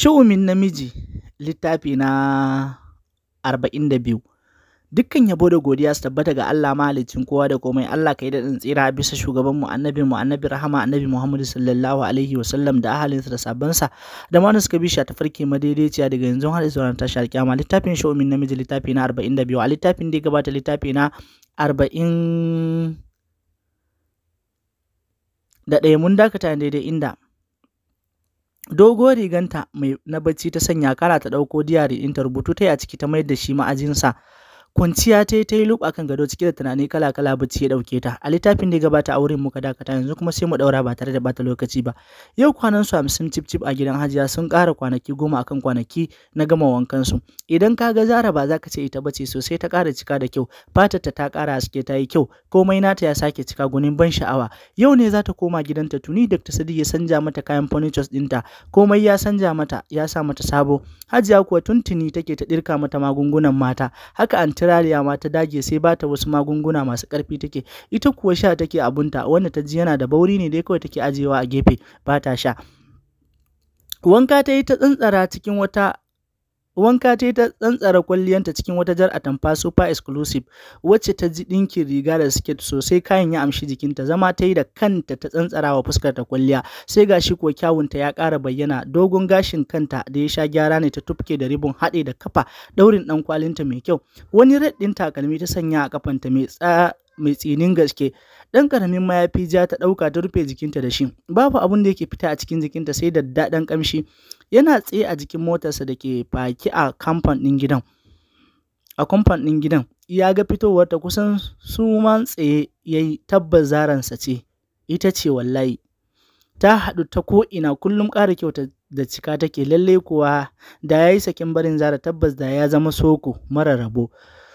Sha'umin namiji littafi na 42 Dukkan yabo da godiya su tabbata ga Allah mahaliccin kowa da komai Allah kai daɗin tsira bisa shugaban mu annabi mu annabi rahama annabi Muhammadu sallallahu alaihi wa sallam da ahalinsa da sabansa da ma suka bi shi ta farke madaidaiciya daga yanzu har zuwa ta shar kiyama littafin sha'umin namiji littafi na 42 a littafin da ya gabata littafi na 40 da ɗaya mun dakata daidai inda doguwar riganta na bacci ta sanya Kara ta ɗauko diyari ɗinta rubutu ta yi a ciki ta mayar da shi ma'ajinsa. kwanciya ta yi ta yi lub akan gado cike da tunani kala kala bacci ya dauke ta a littafin da ya gabata a wurin muka dakata yanzu kuma sai mu daura ba tare da bata lokaci ba yau kwanan su hamsin cip cip a gidan hajiya sun ƙara kwanaki goma akan kwanaki na gama wankan su idan ka ga zara ba za ka ce ita bace sosai ta ƙara cika da kyau fatar ta ta ƙara haske ta yi kyau komai nata ya sake cika gunin ban sha'awa yau ne za ta koma gidanta tuni Dr. Sadiq ya sanja mata kayan furnitures ɗinta komai ya sanja mata ya sa mata sabo hajiya kuwa tuntuni take ta ɗirka mata magungunan mata haka anti Australia ma ta dage sai ba ta wasu magunguna masu ƙarfi take ita kuwa sha take abunta wanda ta ji yana da bauri ne dai kawai take ajiyewa a gefe ba ta sha wanka ta yi ta tsantsara cikin wata Wanka ta yi ta tsantsara kwalliyanta cikin wata jar atamfa super exclusive wacce ta ji ɗinkin riga da siket sosai kayan ya amshi jikinta zama ta yi da kanta ta tsantsara wa fuskar ta kwalliya sai gashi kuwa kyawunta ya ƙara bayyana dogon gashin kanta da ya sha gyara ne ta tufke da ribon haɗe da kafa ɗaurin ɗan kwalinta mai kyau wani red ɗin takalmi ta sanya a kafanta mai tsa mai tsinin gaske ɗan ƙaramin mayafi ja ta ɗauka ta rufe jikinta da shi babu abin da yake fita a cikin jikinta sai da daɗin ƙamshi yana tsaye a jikin motarsa da ke faki a kamfan ɗin gidan a kamfan ɗin gidan ya ga fitowar ta kusan suman tsaye ya yi tabbas zaransa ce ita ce wallahi ta haɗu ta ko'ina kullum ƙara kyauta da cika take lallai kuwa da ya yi sakin barin zara tabbas da ya zama soko mara rabo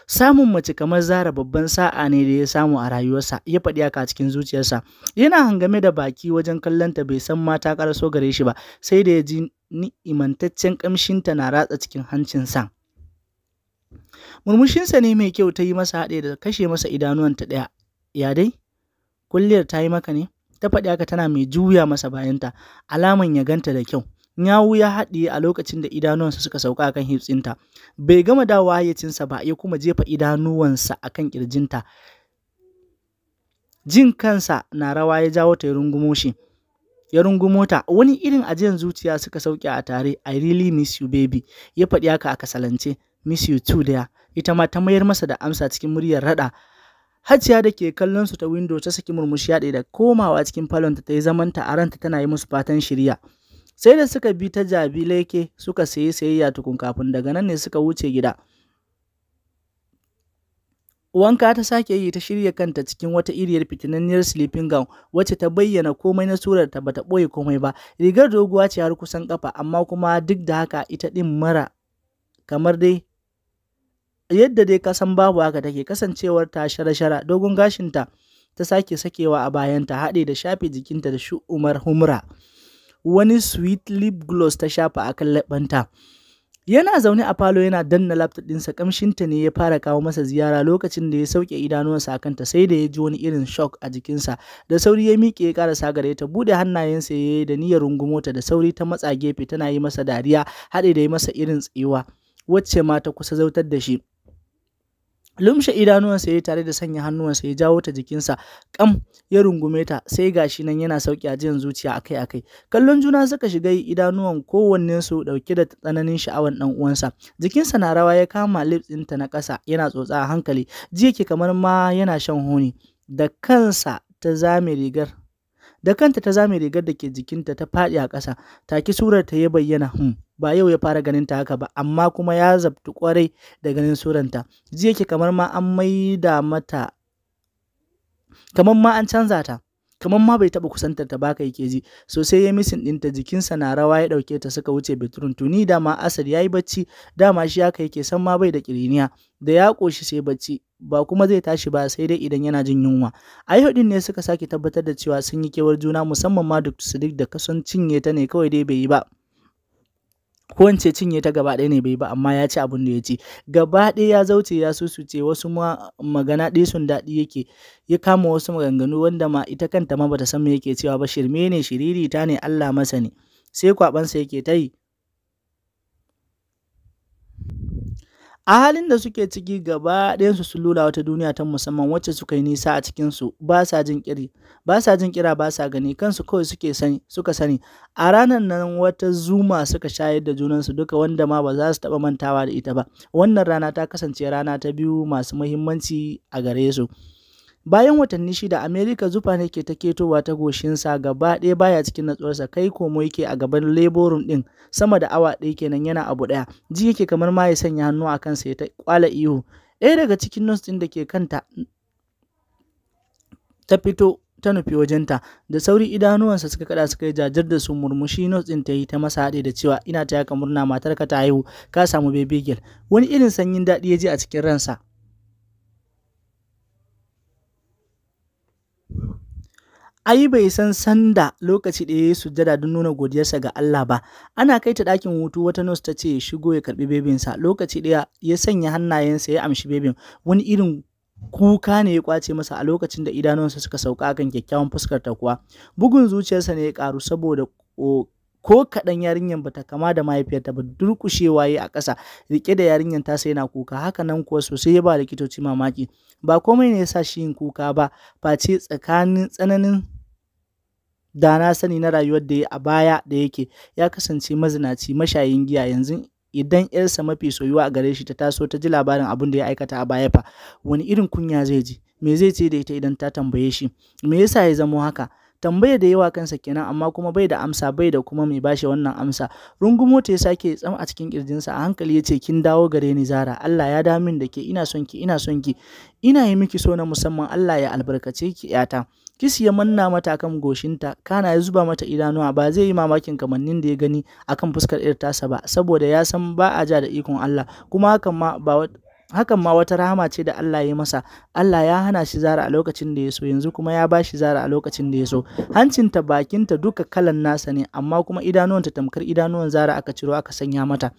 Samun mace kamar Zara babban sa'a ne da ya samu a rayuwarsa, ya faɗi haka a cikin zuciyarsa. Yana hangame da baki wajen kallonta bai san mata ta ƙaraso gare shi ba, sai da ya ji ni'imantaccen ƙamshinta na ratsa cikin hancinsa. Murmushinsa ne mai kyau ta yi masa haɗe da kashe masa idanuwanta ɗaya. Ya dai? Kulliyar ta yi maka ne? Ta faɗi haka tana mai juya masa bayanta, alaman ya ganta da kyau. Nyawu ya haɗiye a lokacin da idanuwansa suka sauka kan hitsinta. Bai gama da hayyacinsa ba ya kuma jefa idanuwansa akan kirjinta. Jin kansa na rawa ya jawo ta ya rungumo ta wani irin ajiyar zuciya suka sauke a tare i really miss you baby ya faɗi haka a kasalance miss you too daya ita ma ta mayar masa da amsa cikin muryar rada hajiya da ke kallon su ta window ta saki murmushi ya da komawa cikin falon ta yi zamanta a ranta tana yi musu fatan shirya sai da suka bi ta jabi laike suka sayi sayayya tukun kafin daga nan ne suka wuce gida wanka ta sake yi ta shirya kanta cikin wata iriyar fitinanniyar sleeping gown wacce ta bayyana komai na surar ta bata ɓoye komai ba rigar doguwa ce har kusan kafa amma kuma duk da haka ita din mara kamar dai yadda dai kasan babu haka take kasancewar ta shara dogon gashinta ta sake sakewa a bayanta haɗe da shafe jikinta da shu'umar humra wani sweet lip gloss ta shafa a kan labanta Yana zaune a falo yana danna laptop ɗinsa kamshinta ne ya fara kawo masa ziyara lokacin da ya sauke idanuwansa a kanta sai da ya ji wani irin shock a jikinsa da sauri ya miƙe ya ƙara gare ta bude hannayensa ya yi da niyyar rungumota da sauri ta matsa gefe tana yi masa dariya haɗe da yi masa irin tsewa wacce ma ta kusa zautar da shi. lumshe idanuwansa ya tare da sanya hannuwansa ya jawo ta jikinsa kam ya rungume ta sai gashi nan yana sauki a jiyan zuciya akai akai kallon juna suka shiga idanuwan kowannen su dauke da tsananin sha'awan dan uwansa jikinsa na rawa ya kama lips ɗinta na ƙasa yana tsotsa a hankali ji yake kamar ma yana shan honi da kansa ta zame rigar da kanta ta zame rigar da ke jikinta ta faɗi a ƙasa ki surar ta ya bayyana hmm. ba yau ya fara ganin ta haka ba amma kuma ya zabtu kwarai da ganin suranta ji yake kamar ma an maida mata kamar ma an canza ta kamar ma bai taɓa kusantar ta baka yake ji Sosai sai ya misin ɗinta jikinsa na rawa ya ɗauke ta suka wuce bitrun tuni dama asad ya yi bacci dama shi haka yake san ma bai da kiriniya, da ya ƙoshi sai bacci ba kuma zai tashi ba sai dai idan yana jin yunwa ai din ne suka sake tabbatar da cewa sun yi kewar juna musamman ma duk sidik da kasan cinye ta ne kawai dai bai yi ba ko cinye ta gaba ɗaya ne bai ba amma ya ci abin da ya ci gaba ɗaya ya zauce ya susuce wasu ma magana ɗaya sun daɗi yake ya kama wasu maganganu wanda ma ita kanta ma bata san me yake cewa ba shirme ne shiriri ta ne Allah masa ne sai kwabansa yake ta yi A halin da suke ciki gaba ɗayansu sun lula wata duniya ta musamman wacce suka yi nisa a cikinsu ba sa jin kiri ba sa jin kira ba sa gani kansu kawai suke sani suka sani a ranar nan wata zuma suka shayar da junansu duka wanda ma ba za su taɓa mantawa da ita ba wannan rana ta kasance rana ta biyu masu muhimmanci a gare su. Bayan watanni shida, Amerika zufa ne ke ta ketowa ta goshinsa gaba ɗaya baya cikin natsuwarsa, kai komo yake a gaban leborum ɗin sama da awa ɗaya kenan yana abu ɗaya, ji yake kamar ma ya sanya hannu a kansa ya ta kwala ihu. Ɗaya daga cikin nurse ɗin da ke kanta ta fito ta nufi wajenta da sauri idanuwansa suka kada suka yi jajir da su murmushi notes ɗin ta yi ta masa haɗe da cewa ina ta yaka murna ka ta haihu ka samu baby girl wani irin sanyin daɗi ya ji a cikin ransa Ai, bai san sanda lokaci ɗaya ya yi sujada don nuna godiyarsa ga Allah ba, ana kai ta ɗakin hutu wata nos ta ce shigo ya karɓi bebinsa, lokaci ɗaya ya sanya hannayensa ya amshi bebin, wani irin kuka ne ya kwace masa a lokacin da idanunsa suka sauka kan kyakkyawan fuskar ta kuwa bugun zuciyarsa ne ya karu saboda ko kaɗan yarinyar bata kama da mahaifiyarta ba durƙushe waye a ƙasa Rike da yarinyar ta sai na kuka haka nan kuwa sosai ya ba likitoci mamaki ba komai ne yasa shi yin kuka ba face tsakanin tsananin da na sani na rayuwar da ya a baya da yake ya kasance mazinaci mashayin giya yanzu idan yarsa mafi soyuwa a gare shi ta taso ta ji labarin abin da ya aikata a baya fa wani irin kunya zai ji me zai ce da ita idan ta tambaye shi me yasa ya zamo haka tambaya da yawa kansa kenan amma kuma bai da amsa bai da kuma mai bashi wannan amsa rungumo ta ya sake tsam a cikin kirjinsa a hankali ya ce kin dawo gare ni zara Allah ya dami da ke ina son ki ina son ki ina yi miki so na musamman Allah ya albarkace ki yata kisi ya manna mata kan goshinta kana ya zuba mata idanuwa ba zai yi mamakin kamannin da ya gani akan fuskar irta tasa ba saboda ya san ba a ja da ikon Allah kuma hakan ma ba hakan ma wata rahama ce da Allah ya yi masa Allah ya hana shi zara a lokacin da ya so yanzu kuma ya ba shi zara a lokacin da ya so hancinta bakinta duka kalan nasa ne amma kuma idanuwanta tamkar idanuwan zara aka ciro aka sanya mata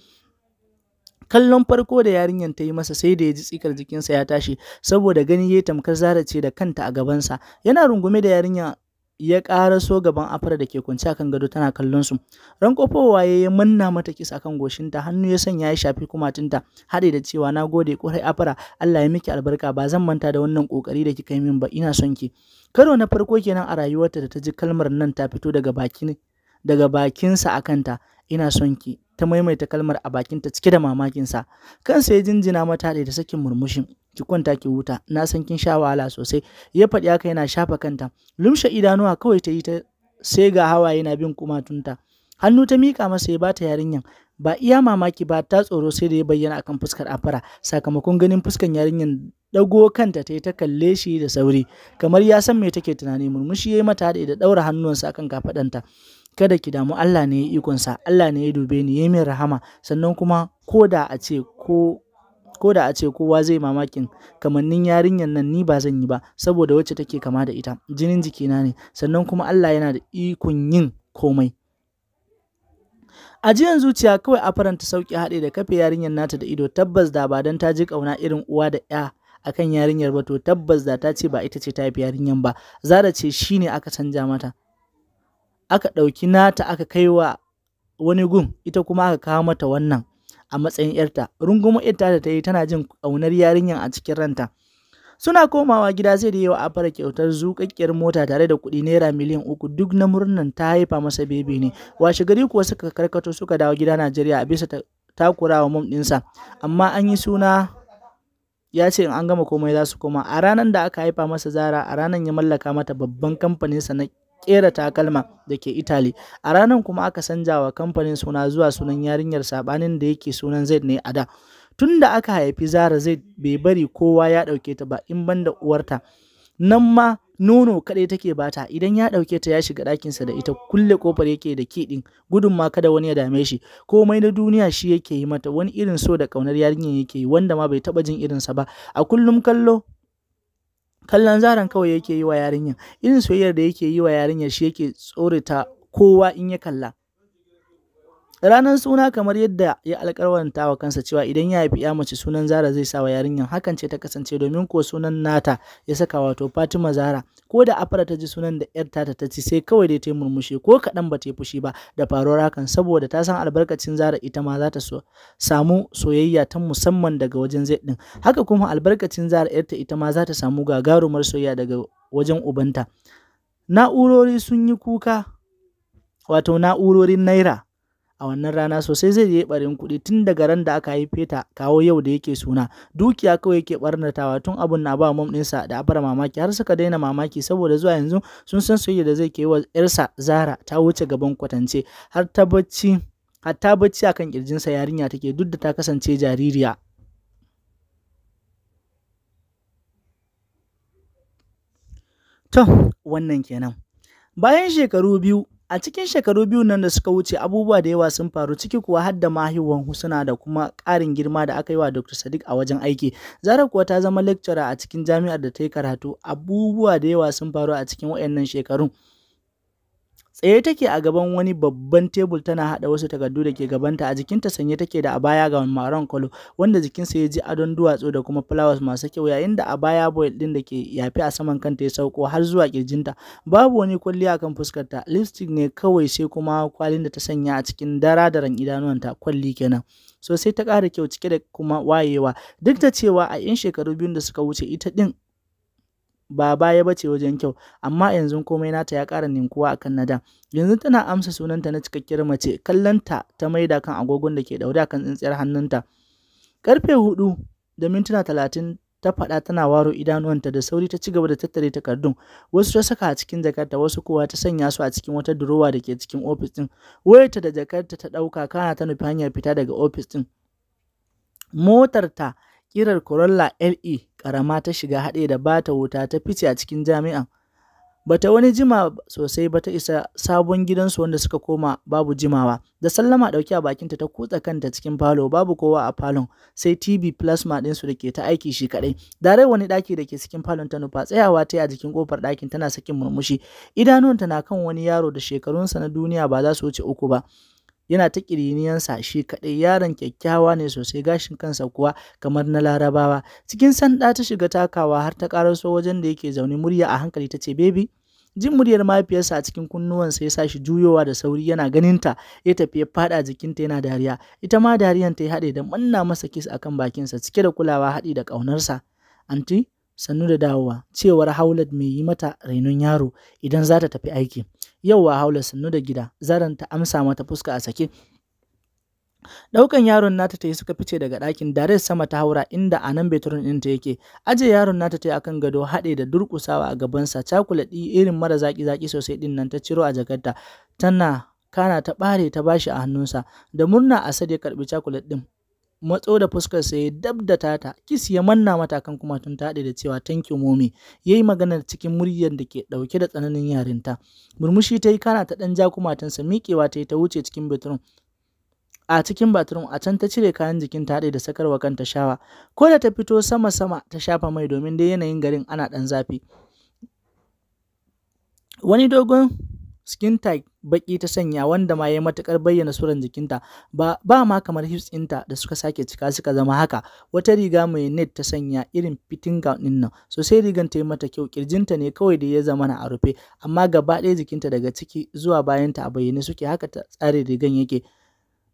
kallon farko da yarinyar ta yi masa sai da ya ji tsikar jikinsa ya tashi saboda gani ya tamkar zara ce da kanta a gabansa yana rungume da yarinya ya ƙaraso gaban afara da ke kwance akan gado tana kallon su ran kofowa ya yi manna mata kisa akan goshinta hannu ya sanya ya shafi kumatinta haɗe da cewa na gode ƙwarai afara Allah ya miki albarka ba zan manta da wannan ƙoƙari da kika yi min ba ina son ki karo na farko kenan a rayuwarta da ta ji kalmar nan ta fito daga bakin daga bakinsa a kanta ina son ki ta maimaita kalmar a bakinta cike da mamakinsa kansa ya jinjina mata da sakin murmushin ki kwanta ki huta na san kin sha wahala sosai ya faɗi haka yana shafa kanta lumshe idanuwa kawai ta yi ta sai ga hawaye na bin kumatunta hannu ta mika masa ya bata yarinyan ba iya mamaki ba ta tsoro sai da ya bayyana akan fuskar afara sakamakon ganin fuskar yarinyan dago kanta ta yi ta kalle shi da sauri kamar ya san me take tunani murmushi ya yi mata da ɗaura hannuwansa akan kafaɗanta. kada ki damu Allah ne ya ikonsa Allah ne ya dube ni ya yi min rahama sannan kuma ko da a ce ko ko da a ce kowa zai mamakin kamannin yarinyar nan ni ba zan yi ba saboda wacce take kama da ita jinin jikina ne sannan kuma Allah yana da ikon yin komai ajiyan zuciya kawai a faranta sauki haɗe da kafe yarinyar nata da ido tabbas da ba don ta ji ƙauna irin uwa da ya akan yarinyar ba to tabbas da ta ce ba ita ce ta haifi yarinyar ba zara ce shine aka canja mata aka ɗauki nata aka kai wa wani gun ita kuma aka kawo mata wannan a matsayin ‘yarta rungumo ‘yarta da ta yi tana jin ƙaunar yarinyar a cikin ranta suna komawa gida sai da yawa a fara kyautar zuƙaƙƙiyar mota tare da kuɗi naira miliyan uku duk na murnan ta haifa masa bebe ne washe gari kuwa suka karkato suka dawo gida najeriya a bisa takurawa mom ɗinsa amma an yi suna ya ce in an gama komai za su koma a ranar da aka haifa masa zara a ranar ya mallaka mata babban kamfaninsa na kera takalma da ke Italy. A ranar kuma aka canja wa kamfanin suna zuwa sunan yarinyar sabanin da yake sunan Zaid ne a da. Tun da aka haifi Zara Zaid bai bari kowa ya ɗauke ta ba in banda uwarta. Nan ma nono kaɗai take bata idan ya ɗauke ta ya shiga ɗakinsa da ita kulle kofar yake da kiɗin gudun ma kada wani ya dame shi komai na duniya shi yake yi mata wani irin so da ƙaunar yarinyar yake yi wanda ma bai taɓa jin irinsa ba a kullum kallo kallon zaran kawai yake yi wa yarinyar irin soyayyar da yake yi wa yarinyar shi yake tsorata kowa in ya kalla Ranar suna kamar yadda ya alƙawaranta wa kansa cewa idan ya haifi ya mace sunan Zara zai sa wa yarinyar hakan ce ta kasance domin ko sunan nata ya saka wato Fatima Zara ko da afara ta ji sunan da yar tata ta ci sai kawai dai ta murmushe ko kaɗan ba ta fushi ba da faruwar hakan saboda ta san albarkacin Zara ita ma za ta so samu soyayya ta musamman daga wajen zai ɗin haka kuma albarkacin Zara yarta ita ma za ta samu gagarumar soyayya daga wajen ubanta na'urori sun yi kuka wato na'urorin naira a wannan rana sosai zai je barin kuɗi tun daga ran da aka haife ta kawo yau da yake suna dukiya kawai yake barnatawa tun abun na ba mom ɗinsa da afar mamaki har suka daina mamaki saboda zuwa yanzu sun san soyayya da zai kai wa yarsa Zara ta wuce gaban kwatance har ta bacci ta bacci akan kirjinsa yarinya take duk da ta kasance jaririya to wannan kenan bayan shekaru biyu A cikin shekaru biyu nan da suka wuce abubuwa da yawa sun faru ciki kuwa har da mahiwan husuna da kuma ƙarin girma da aka yi wa Dr. Sadiq a wajen aiki. Zara kuwa ta zama lecturer a cikin jami'ar da ta yi karatu. Abubuwa da yawa sun faru a cikin waɗannan shekarun. Tsaye take a gaban wani babban tebul tana haɗa wasu takardu da ke gabanta a jikinta sanye take da abaya ga maron kwalo wanda jikinsa ya ji adon duwatsu da kuma flowers masu kyau yayin da abaya boy ɗin da ke yafi a saman kanta ya sauko har zuwa kirjinta. Babu wani kwalliya kan fuskarta, lipstick ne kawai sai kuma kwalin da ta sanya a cikin dara da ran idanuwanta kwalli kenan. So sai ta kara kyau cike da kuma wayewa duk da cewa a 'yan shekaru biyun da suka wuce ita din. ba baya ba ce wajen kyau amma yanzu komai nata ya ƙara ninkuwa akan na da yanzu tana amsa sunanta na cikakkiyar mace kallonta ta maida kan agogon da ke daure kan tsintsiyar hannunta karfe hudu da mintuna talatin ta faɗa tana waro idanuwanta da sauri ta cigaba da tattare takardun wasu ta saka a cikin jakarta wasu kuwa ta sanya su a cikin wata durowa da ke cikin ofis ɗin wayarta da jakarta ta ɗauka kana ta nufi hanyar fita daga ofis ɗin motar ta kirar corolla le ƙarama ta shiga haɗe da bata wuta ta fice a cikin jami'an. Bata wani jima sosai ba ta isa sabon gidansu wanda suka koma babu jimawa. Da sallama ɗauki a bakinta ta kutsa kanta cikin falo babu kowa a falon sai TV plasma ɗinsu da ke ta aiki shi kaɗai. Dare wani ɗaki da ke cikin falon ta nufa tsayawa ta yi a jikin ƙofar ɗakin tana sakin murmushi. Idanunta na kan wani yaro da shekarunsa na duniya ba za su wuce uku ba. yana ta ƙiriniyansa shi kaɗai yaron kyakkyawa ne sosai gashin kansa kuwa kamar na larabawa cikin sanda ta shiga takawa har ta ƙaraso wajen da yake zaune murya a hankali ta ce bebi jin muryar mahaifiyarsa a cikin kunnuwansa ya sa shi juyowa da sauri yana ganinta ya tafi ya faɗa jikinta yana dariya ita ma dariyan ta ya haɗe da manna masa kis akan bakinsa cike da kulawa haɗi da ƙaunarsa anti sannu da dawowa cewar haulat mai yi mata rainon yaro idan za ta tafi aiki yauwa haulat sannu da gida zaran ta amsa mata fuska a sake daukan yaron nata ta yi suka fice daga ɗakin dare sama ta haura inda a nan beturin ta yake aje yaron nata ta yi akan gado haɗe da durƙusawa a gabansa cakulaɗi irin mara zaƙi-zaƙi sosai ɗin nan ta ciro a jakarta tana kana ta ɓare ta bashi a hannunsa da murna asad ya karɓi cakulat ɗin matso da sa ya dab da tata kis ya manna matakan kuma tun tade da cewa thank you mommy ya yi maganar cikin muryar da ke ɗauke da tsananin yarinta murmushi ta yi kana ta ɗan ja sa miƙewa ta yi ta wuce cikin bathroom a cikin bathroom a can ta cire kayan jikin ta da sakarwa kanta shawa ko da ta fito sama sama ta shafa mai domin dai yanayin garin ana dan zafi wani dogon skin type baki ta sanya wanda ma ya matukar bayyana suran jikinta ba ba ma kamar hips ɗinta da suka sake cika suka zama haka wata riga mai net ta sanya irin fitting gown ɗin nan so sai rigan ta yi mata kyau kirjinta ne kawai da ya zama na a rufe amma gaba ɗaya jikinta daga ciki zuwa bayanta a bayyane suke haka ta tsare rigan yake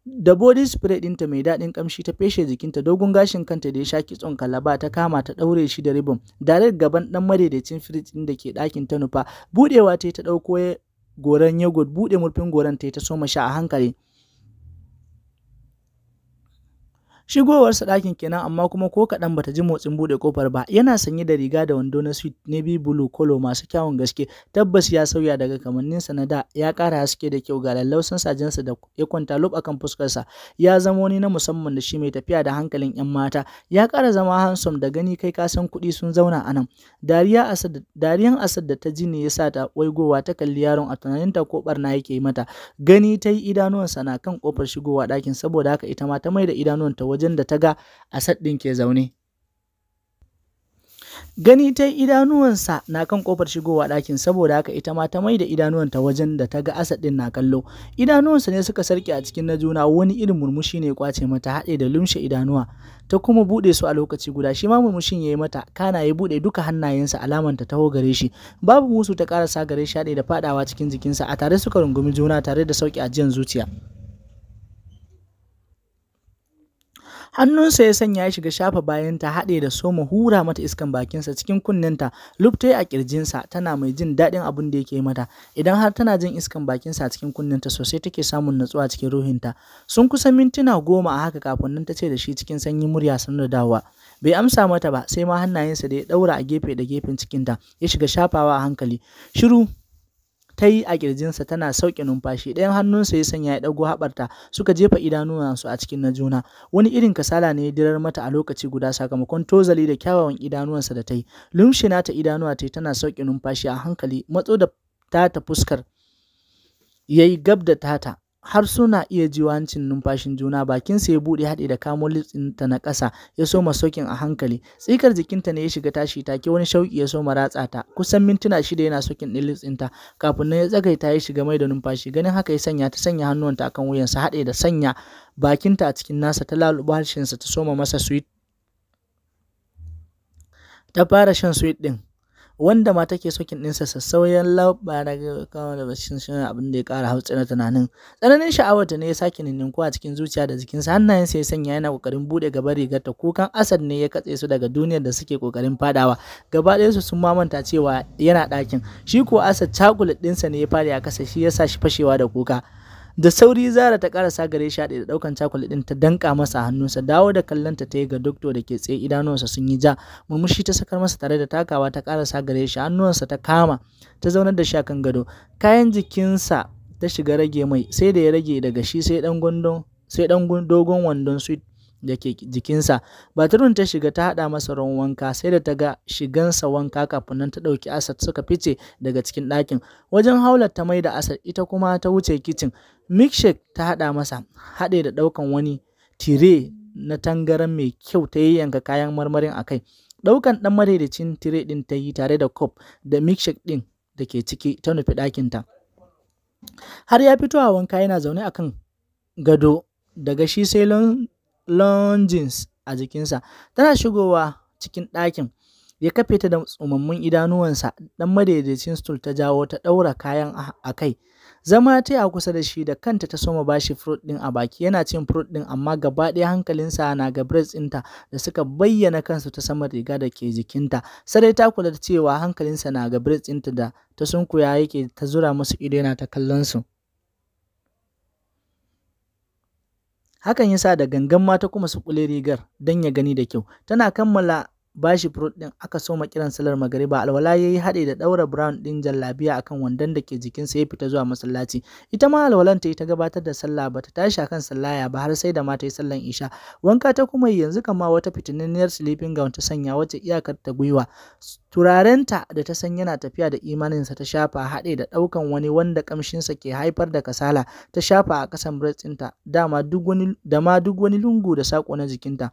da body spray ɗinta mai daɗin ƙamshi ta feshe jikinta dogon gashin kanta da ya sha kitson kalaba ta kama ta ɗaure shi da ribon direct gaban ɗan madaidaicin firij ɗin da ke ɗakin ta nufa buɗewa ta ta ɗauko goran yogurt buɗe murfin goran ta ta soma sha a hankali Shigowarsa ɗakin kenan amma kuma ko kaɗan bata ji motsin buɗe kofar ba. Yana sanye da riga da wando na suit navy blue kolo masu kyawun gaske. Tabbas ya sauya daga kamanninsa na da, ya kara haske da kyau ga lallausan sajensa da ya kwanta lub akan fuskarsa. Ya zama wani na musamman da shi mai tafiya da hankalin 'yan mata. Ya kara zama handsome da gani kai ka san kuɗi sun zauna a nan. Dariya Asad, dariyan Asad da ta ji ne ya sa ta waigowa ta kalli yaron a tunaninta ko barna yake yi mata. Gani ta yi idanuwansa na kan kofar shigowa ɗakin saboda haka ita ma ta mai da idanuwanta wajen da ta ga Asad ɗin ke zaune. Gani ta idanuwansa na kan kofar shigowa ɗakin saboda haka ita ma ta mai da idanuwanta wajen da ta ga Asad ɗin na kallo. Idanuwansa ne suka sarki a cikin na juna wani irin murmushi ne kwace mata haɗe da lumshe idanuwa ta kuma buɗe su a lokaci guda shi ma murmushin ya yi mata kana ya buɗe duka hannayensa alaman ta taho gare shi babu musu ta ƙarasa gare shi haɗe da faɗawa cikin jikinsa a tare suka rungumi juna tare da sauƙi ajiyan zuciya. hannunsa ya sanya ya shiga shafa bayanta haɗe da soma hura mata iskan bakinsa cikin kunninta Luftai a ƙirjinsa tana mai jin daɗin abin da yake mata idan har tana jin iskan bakinsa a cikin kunnenta, sosai take samun natsuwa cikin ruhinta sun kusa mintuna goma a haka kafin nan ta ce da shi cikin sanyi murya sanar dawa bai amsa mata ba sai ma hannayensa da ya ɗaura a gefe da gefen cikinta ya shiga shafawa a hankali shiru ta yi a ƙirjinsa tana sauke numfashi ɗayan hannunsa ya sanya ya ɗago haɓarta suka jefa idanuwansu a cikin na juna wani irin kasala ne ya dirar mata a lokaci guda sakamakon tozali da kyawawan idanuwansa da ta yi lumshi ta idanuwa ta tana sauke numfashi a hankali matso da tata fuskar ya yi gab da tata har suna iya jiyo hancin numfashin juna bakinsa ya buɗe haɗe da kamo litsinta na kasa ya soma sokin a hankali tsikar jikinta ne ya shiga tashi take wani shauki ya soma ratsa ta kusan mintuna shida yana sokin ɗin litsinta kafin nan ya tsagaita ya shiga mai da numfashi ganin haka ya sanya ta sanya hannuwanta akan wuyansa haɗe da sanya bakinta a cikin nasa ta laluba harshensa ta soma masa sweet ta fara shan sweet ɗin wanda ma take sokin ɗinsa sassauyan labba na kawo da bashin shi abin da ya kara hautsi na tunanin tsananin sha'awar ta ne ya sake kuwa cikin zuciya da jikinsa hannayensa ya sanya yana kokarin buɗe gaban rigar ta kukan asad ne ya katse su daga duniyar da suke kokarin fadawa gaba ɗaya su sun mamanta cewa yana ɗakin shi ko asad cakulat ɗinsa ne ya fara a kasa shi yasa sa shi fashewa da kuka da sauri zara ta karasa gare shi da daukan cakulet din ta danka masa hannunsa dawo da kallanta ta yi ga dokto da ke tsaye idanunsa sun yi ja murmushi ta sakar masa tare da takawa ta karasa gare shi Hannunsa ta kama ta zaunar da shi kan gado kayan jikinsa ta shiga rage mai sai da ya rage daga shi sai dan gondon sai dan dogon wandon sweet da jikinsa. Baturin ta shiga ta haɗa masa ruwan wanka sai da ta ga shigansa wanka kafin nan ta ɗauki Asad suka fice daga cikin ɗakin. Wajen haular ta mai da Asad ita kuma ta wuce kicin. Milkshake ta haɗa masa haɗe da ɗaukan wani tire na tangaran mai kyau ta yanka kayan marmarin a kai. Ɗaukan ɗan madaidacin tire ɗin ta yi tare da kof da milkshake ɗin da ke ciki ta nufi ɗakinta. Har ya fito a wanka yana zaune akan gado daga shi sai lounges a jikinsa. Tana shigowa cikin ɗakin, ya kafe ta da tsumammun idanuwansa, ɗan madaidaicin stool ta jawo ta ɗaura kayan a kai. Zama ta a kusa da shi da kanta ta soma bashi fruit ɗin a baki yana cin fruit ɗin amma gaba ɗaya hankalinsa na ga braids ɗinta da suka bayyana kansu ta saman riga da ke jikinta. Sarai ta kula da cewa hankalinsa na ga braids ɗinta da ta sunkuya yake ta zura musu ido yana ta kallon su. Hakan ya sa da gangan mata kuma su kule rigar don ya gani da kyau. Tana kammala bashi furut ɗin aka soma kiran salar magariba alwala ya yi haɗe da ɗaura brown din jallabiya akan wandan da ke jikinsa ya fita zuwa masallaci ita ma alwalan ta yi ta gabatar da sallah bata tashi akan sallaya ba har sai da mata ta yi sallan isha wanka ta kuma yanzu kama wata fitininiyar sleeping gown ta sanya wacce iyakar ta gwiwa turarenta da ta san yana tafiya da imanin sa ta shafa haɗe da ɗaukan wani wanda kamshin sa ke haifar da kasala ta shafa a kasan breast dama duk wani dama duk wani lungu da sako na jikinta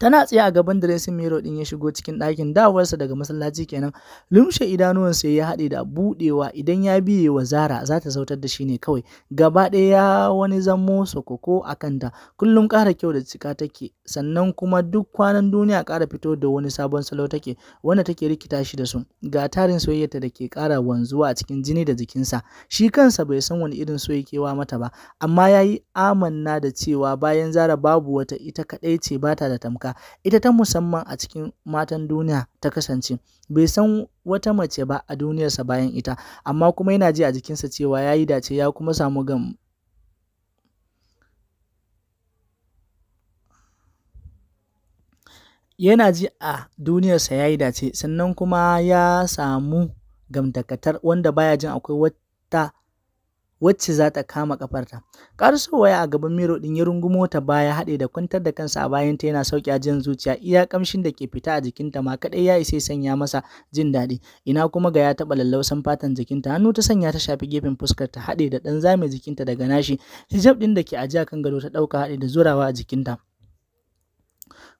tana tsaye a gaban dressing mirror din ya shigo cikin ɗakin dawarsa daga masallaci kenan lumshe sai ya haɗe da buɗewa idan ya biye wa zara za ta sautar da shi ne kawai gaba ɗaya ya wani zamo sokoko a kanta kullum ƙara kyau da cika take sannan kuma duk kwanan duniya ƙara fito da wani sabon salo take wanda take rikita shi da su ga tarin soyayyarta da ke ƙara wanzuwa a cikin jini da jikinsa shi kansa bai san wani irin so mata ba amma ya yi amanna da cewa bayan zara babu wata ita kaɗai ce bata da tamka haka ita ta musamman a cikin matan duniya ta kasance bai san wata mace ba a duniyarsa bayan ita amma kuma yana ji a jikinsa cewa ya yi dace ya kuma samu gam yana ji a duniyarsa ya yi dace sannan kuma ya samu gamtakatar wanda baya jin akwai wata wacce za ta kama kafarta ƙarasowa waya a gaban miro din ya rungumo ta baya haɗe da kwantar da kansa a bayan ta yana sauki jin zuciya iya kamshin da ke fita a jikinta ma kaɗai ya isa sanya masa jin daɗi ina kuma ga ya taɓa lallausan fatan jikinta hannu ta sanya ta shafi gefen fuskar ta haɗe da ɗan zame jikinta daga nashi hijab ɗin da ke ajiya kan gado ta ɗauka haɗe da zurawa a jikinta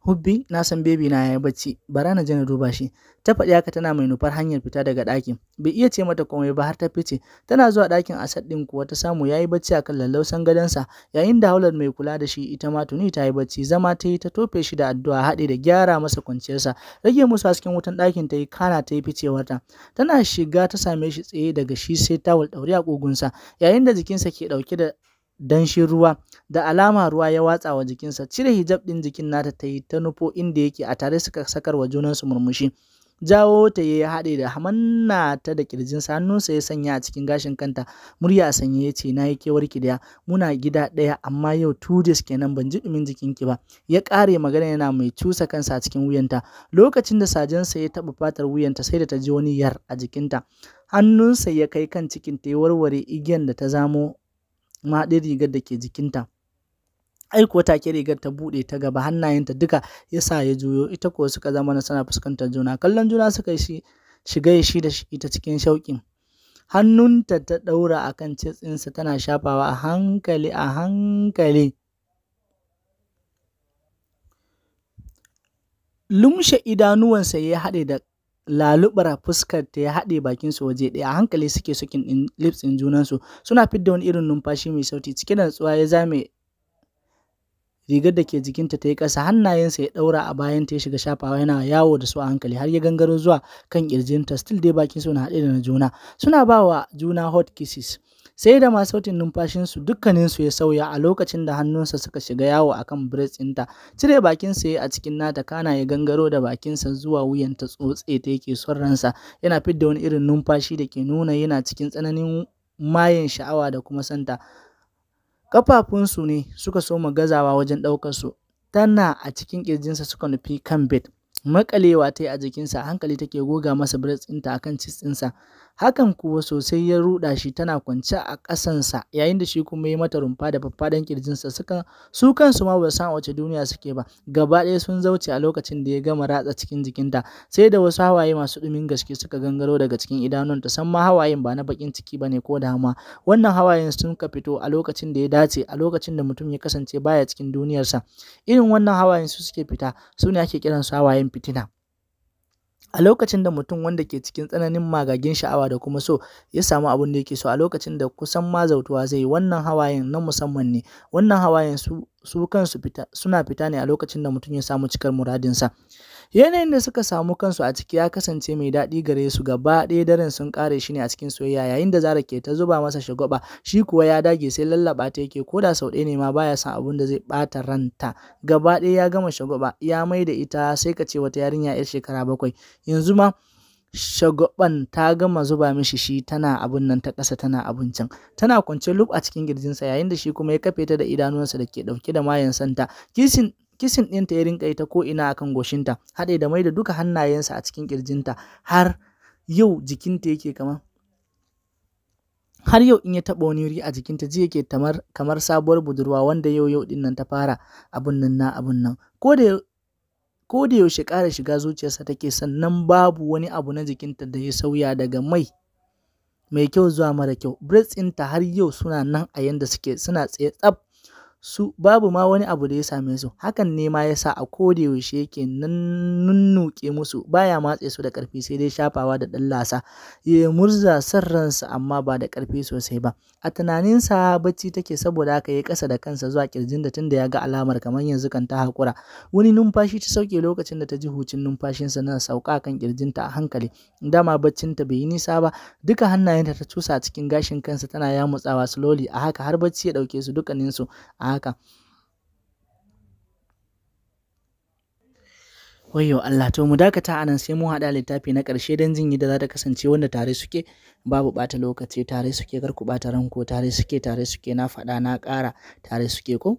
Hubbi na san bebi na yayi bacci bara na je na duba shi ta faɗi haka tana mai nufar hanyar fita daga ɗakin bai iya ce mata komai ba har ta fice tana zuwa ɗakin a ɗin kuwa ta samu ya yi bacci akan lallausan sa. yayin da haular mai kula da shi ita ma tuni ta yi bacci zama ta yi ta tofe shi da addu'a haɗe da gyara masa kwanciyarsa rage musu hasken wutan ɗakin ta yi kana ta yi ficewarta tana shiga ta same shi tsaye daga shi sai tawul ɗauri a ƙugunsa yayin da jikinsa ke ɗauke da danshin ruwa, da alama ruwa ya watsa wa jikinsa, cire hijab ɗin jikin nata ta yi ta nufo inda yake a tare suka sakar wa junansu murmushi. Jawo ta ya haɗe da hamanna ta da ƙirjinsa hannunsa ya sanya a cikin gashin kanta murya a sanye ya ce na yi kewar ki daya muna gida daya amma yau two kenan ban ji jikin ki ba ya ƙare magana yana mai cusa kansa a cikin wuyanta lokacin da sajensa ya taɓa fatar wuyanta sai da ta ji wani yar a jikinta hannunsa ya kai kan cikin ta ya warware igiyan da ta zamo ɗin rigar da ke jikinta. ai kuwa take rigar ta buɗe ta gaba hannayenta duka ya sa ya juyo ita kuwa suka zama na sana fuskantar juna kallon juna suka shi shiga shi da ita cikin shauƙin hannunta ta ɗaura a kan tsitsinsa tana shafawa a hankali a hankali lumshe idanuwansa ya haɗe da lalubar fuskar ta ya haɗe bakin su waje ɗaya a hankali suke sukin lips ɗin junansu suna fidda wani irin numfashi mai sauti cike da natsuwa ya zame rigar da ke jikinta ta yi ƙasa hannayensa ya ɗaura a ta ya shiga shafawa yana yawo da su a hankali har ya gangaro zuwa kan ƙirjinta still dai bakin su na haɗe da na juna suna ba wa juna hot kisses sai da ma sautin numfashinsu dukkaninsu ya sauya a lokacin da hannunsa suka shiga yawo a kan ɗinta cire bakinsa ya a cikin nata kana ya gangaro da bakinsa zuwa wuyanta tsotse ta yake son ransa yana fidda wani irin numfashi da ke nuna yana cikin tsananin mayen sha'awa da kuma santa Ƙafafunsu ne suka soma gazawa wajen ɗaukarsu, tana a cikin ƙirjinsa suka nufi kan bet. Maƙalewa ta yi a jikinsa, a hankali take goga masa bires ɗinta akan kan cis ɗinsa. Hakan kuwa sosai ya ruɗa shi tana kwance a ƙasansa yayin da shi kuma ya mata rumfa da faffadan ƙirjinsa. suka su kansu ma ba san wace duniya suke ba gaba ɗaya sun zauce a lokacin da ya gama ratsa cikin jikinta sai da wasu hawaye masu ɗumin gaske suka gangaro daga cikin idanunta san ma hawayen ba na bakin ciki ba ne ko da dama wannan hawayen sun ka fito a lokacin da ya dace a lokacin da mutum ya kasance baya cikin duniyarsa irin wannan hawayen su suke fita sune ne ake kiransu hawayen fitina a lokacin da mutum wanda ke cikin tsananin magagin sha'awa da kuma so ya samu abin da yake so a lokacin da kusan mazautuwa zai yi wannan hawayen na musamman ne wannan hawayen su su kansu fita suna fita ne a lokacin da mutum ya samu cikar muradinsa yanayin da suka samu kansu a ciki ya kasance mai daɗi gare su gaba ɗaya daren sun ƙare shi ne a cikin soyayya yayin da zara ke ta zuba masa shagwaba shi kuwa ya dage sai lallaba ta yake ko da sau ɗaya ne ma baya son abun da zai ɓata ranta gaba ɗaya ya gama shagwaba ya mai da ita sai ka ce wata yarinya yar shekara bakwai yanzu ma shagaban ta gama zuba mishi shi tana abun nan ta ƙasa tana abun can tana kwance lub a cikin girjinsa yayin da shi kuma ya kafe ta da idanuwansa da ke ɗauke da mayan santa kisin kisin ɗinta ya rinka ita ko ina akan goshinta haɗe da mai da duka hannayensa a cikin ƙirjinta har yau jikinta yake kamar har yau in ya taɓa wani wuri a jikinta ji yake kamar sabuwar budurwa wanda yau yau ɗin nan ta fara abun nan na abun nan ko da ko da yaushe ƙara shiga zuciyarsa take sannan babu wani abu na jikinta da ya sauya daga mai mai kyau zuwa mara kyau breasts ɗinta har yau suna nan a yanda suke suna tsaye tsaf su babu ma wani abu da ya same su hakan ne ma ya sa a koda yaushe yake nunnuke musu baya matse su da karfi sai dai shafawa da ɗan lasa ya murza san ransa amma ba da karfi sosai ba a tunaninsa bacci take saboda haka ya kasa da kansa zuwa kirjin da tunda ya ga alamar kamar yanzu kan ta hakura wani numfashi ta sauke lokacin da ta ji hucin numfashinsa na sauka kan kirjinta a hankali dama baccinta bai yi nisa ba duka hannayenta ta cusa cikin gashin kansa tana yamutsawa slowly a haka har bacci ya dauke su dukkaninsu a haka Wayo Allah to mu dakata anan sai mu haɗa littafi na ƙarshe don jin yadda za ta kasance wanda tare suke babu ɓata lokaci tare suke kar ku ɓata ranko tare suke tare suke na faɗa na ƙara tare suke ko